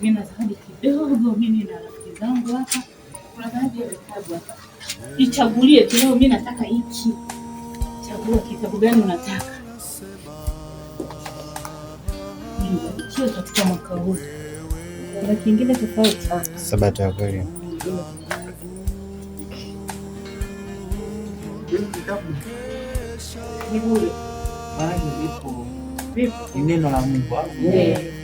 Nina zawadi kidogo mimi na rafiki zangu hapa. Kuna baadhi ya vitabu hapa. Nichagulie tu leo, mimi nataka hiki. Chagua kitabu gani unataka? Sio tafuta mwaka huu. Kuna kingine tofauti. Sabato ya kweli. Ni neno la Mungu. Eh.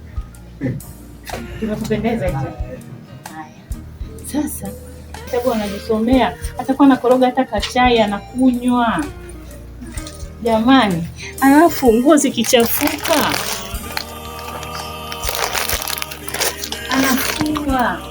Kimekupendeza hicho? Haya, sasa kitabu anajisomea, atakuwa anakoroga hata kachai anakunywa jamani, alafu nguo zikichafuka anafua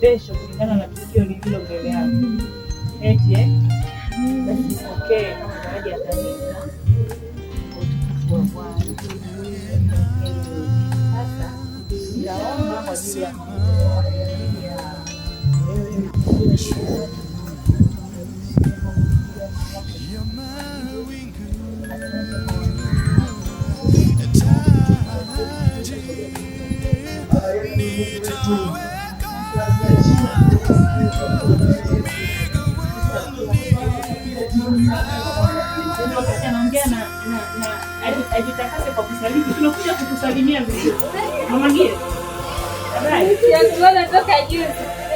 Kesho kulingana na tukio lililo mbele yako, eti eh? Anaongea na ajitakase kwa kusalimi. Tunakuja kukusalimia vizuri. Mama Gie. Toka juzi.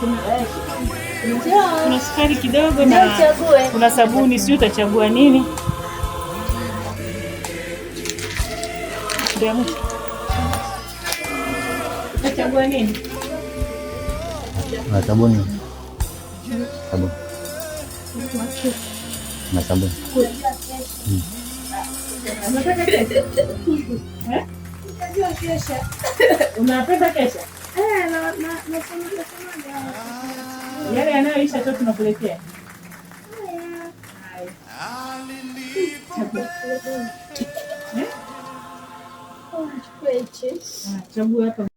kuna sukari kidogo na kuna sabuni, sio? Utachagua nini? Ndio Utachagua nini? Na sabuni Sabuni. na sabuni hmm. eh? Unapenda kesha? unapenda kesha Ah. yale yanayoisha tu tunakuletea. Eh? Ah, chagua hapa.